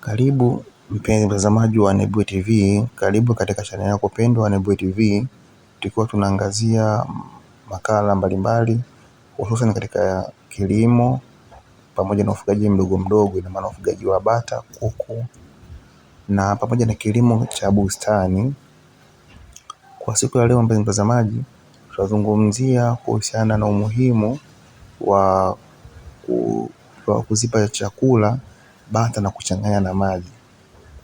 Karibu mpenzi mtazamaji wa Nebuye TV, karibu katika chaneli yako pendwa Nebuye TV, tukiwa tunaangazia makala mbalimbali hususani katika kilimo pamoja na ufugaji mdogo mdogo, ina maana ufugaji wa bata, kuku na pamoja na kilimo cha bustani. Kwa siku ya leo, mpenzi mtazamaji, tutazungumzia kuhusiana na umuhimu wa kuzipa chakula bata na kuchanganya na maji.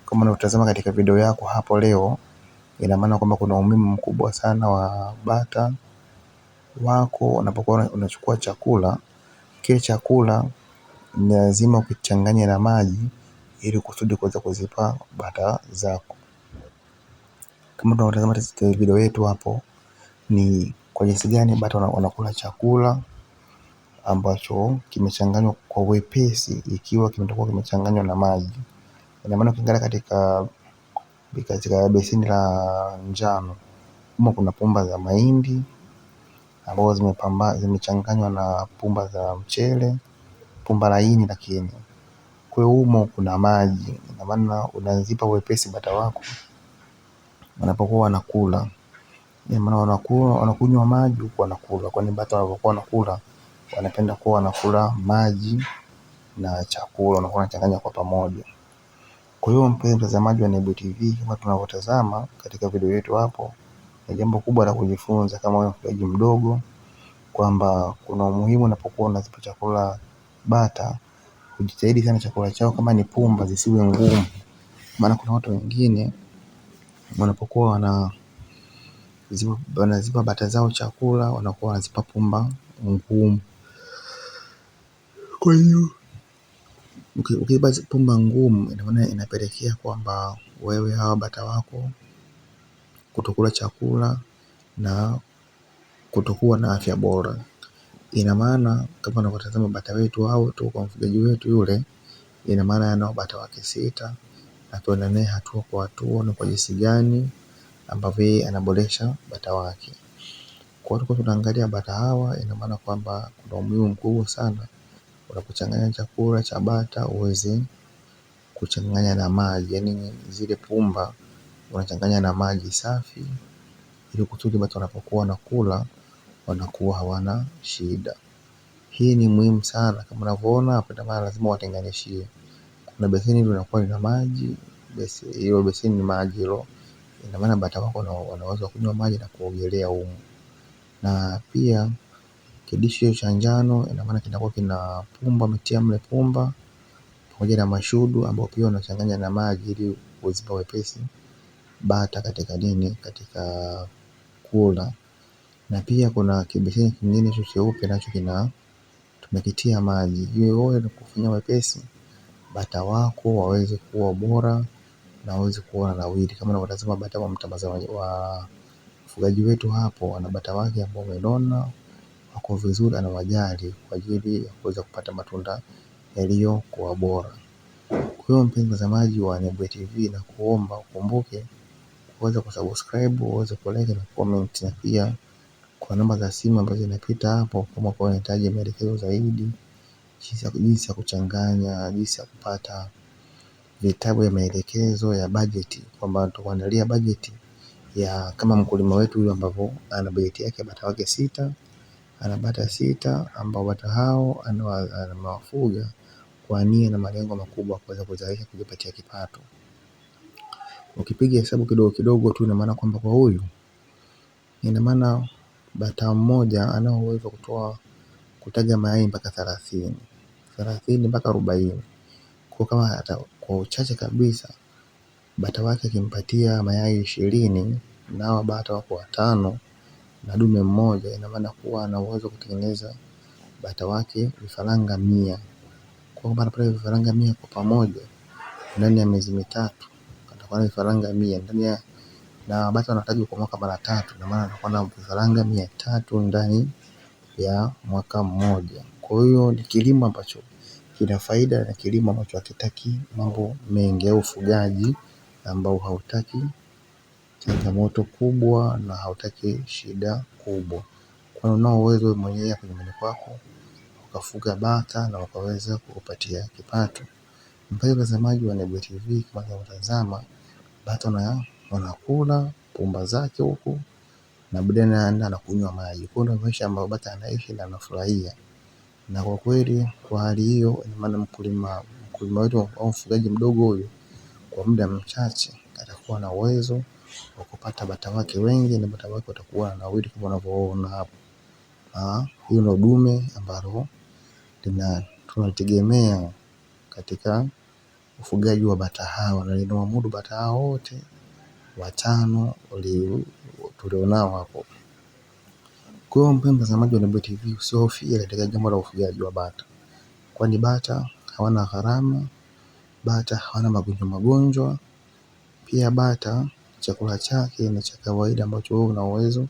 Kama unavyotazama katika video yako hapo leo, ina maana kwamba kuna umuhimu mkubwa sana wa bata wako unapokuwa unachukua chakula. Kile chakula ni lazima ukichanganye na maji ili kusudi kuweza kuzipa bata zako. Kama tunavyotazama video yetu hapo, ni kwa jinsi gani bata wanakula chakula ambacho kimechanganywa kwa wepesi ikiwa kimetakuwa kimechanganywa na maji. Ina maana ukiangalia katika katika beseni la njano humo kuna pumba za mahindi ambazo zimechanganywa na pumba za mchele, pumba laini lakini. Kwa hiyo humo kuna maji, ina maana unazipa wepesi bata wako wanapokuwa wanakula. Ina maana wanakunywa maji huku wanakula, kwani bata wanapokuwa wanakula wanapenda kuwa wanakula maji na chakula wanakuwa wanachanganya kwa pamoja. Kwa hiyo mpenzi mtazamaji wa Nebuye TV, kama tunavyotazama katika video yetu hapo, ni jambo kubwa la kujifunza kama wewe mfugaji mdogo, kwamba kuna umuhimu unapokuwa unazipa chakula bata, kujitahidi sana chakula chao kama ni pumba zisiwe ngumu, maana kuna watu wengine wanapokuwa wana wanazipa bata zao chakula wanakuwa wanazipa pumba ngumu. Kwa hiyo pumba ngumu, inamaana inapelekea kwamba wewe hawa bata wako kutokula chakula na kutokuwa na afya bora. Ina maana kama unavyotazama bata wetu hao tu kwa mfugaji wetu yule, ina maana anao bata wake sita, na tuenda naye hatua kwa hatua na kwa jinsi gani ambavyo yeye anaboresha bata wake. Kwa hiyo tunaangalia bata hawa, ina maana kwamba kuna umuhimu mkubwa sana Unapochanganya chakula cha bata huwezi kuchanganya na maji, yaani zile pumba unachanganya na maji safi ili kusudi bata wanapokuwa wanakula wanakuwa hawana shida. Hii ni muhimu sana kama unavyoona hapa, ndio lazima watenganishie Kuna beseni linakuwa lina maji, hilo beseni ni maji hilo, ina maana bata wako wanaweza kunywa maji na kuogelea humo na pia kidishi hicho cha njano ina maana kinakuwa kina pumba umetia mle pumba pamoja na mashudu ambao pia unachanganya na maji ili uzipa wepesi bata katika nini katika kula. Na pia kuna kibeseni kingine hicho cheupe nacho kina tumekitia maji. Hiyo ni kufanya wepesi bata wako waweze kuwa bora na waweze kuwa na nawiri, Kama unavyotazama bata wa mtazamaji wa mfugaji wetu hapo ana bata wake ambao wamenona wako vizuri, anawajali kwa ajili ya kuweza kupata matunda yaliyo kuwa bora. Kwa hiyo mpenzi mtazamaji wa Nebuye TV na kuomba ukumbuke kuweza kusubscribe, uweze kulike na comment, na pia kwa namba za simu ambazo zinapita hapo, kama kwa unahitaji maelekezo zaidi jinsi ya ya kuchanganya, jinsi ya kupata vitabu ya maelekezo ya bajeti, kwamba tukuandalia bajeti ya kama mkulima wetu huyu ambavyo ana bajeti yake ya bata wake sita ana bata sita ambao bata hao amewafuga kwa nia na malengo makubwa kuweza kuzalisha kujipatia kipato. Ukipiga hesabu kidogo kidogo tu ina maana kwamba kwa huyu ina maana bata mmoja anao uwezo kutoa kutaga mayai mpaka thelathini thelathini mpaka arobaini kwa kama hata kwa uchache kabisa bata wake akimpatia mayai ishirini na hawa bata wako watano na dume mmoja, ina maana kuwa ana uwezo wa kutengeneza bata wake vifaranga mia. Kwa hiyo anapata vifaranga mia kwa pamoja ndani ya miezi mitatu, atakuwa na vifaranga mia ndani ya na bata wanatajwa kwa mwaka mara tatu, na maana anakuwa na vifaranga mia tatu ndani ya mwaka mmoja. Kwa hiyo ni kilimo ambacho kina faida na kilimo ambacho hakitaki mambo mengi au ufugaji ambao hautaki changamoto kubwa na hautaki shida kubwa. Kwani unao uwezo wewe mwenyewe hapo nyumbani kwako ukafuga bata na ukaweza kukupatia kipato. Mpenzi mtazamaji wa Nebuye TV, kama unavyotazama bata na wanakula pumba zake huku na baadaye anaenda na kunywa maji. Kwa hiyo maisha ambayo bata anaishi na anafurahia. Na kwa kweli kwa hali hiyo, ina maana mkulima mkulima wetu au mfugaji mdogo huyu kwa muda mchache atakuwa na uwezo wakupata wake wengi na batawake watakuwa na wawili kama unavyoona hapo. Na hiyo ndio dume ambalo tunategemea katika ufugaji wa bata hawa na linawamudu bata hawa wote watano tulionao hapo. Kwa hiyo mpenzi mtazamaji wa Nebuye TV, usihofie katika jambo la ufugaji wa bata, kwani bata hawana gharama, bata hawana magonjwa magonjwa, pia bata Chakula chake ni cha kawaida ambacho wewe una uwezo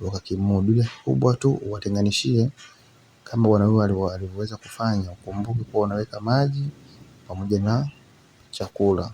ukakimudu, ila tu uwatenganishie kama wanaume alivyoweza kufanya. Ukumbuke kuwa unaweka maji pamoja na chakula.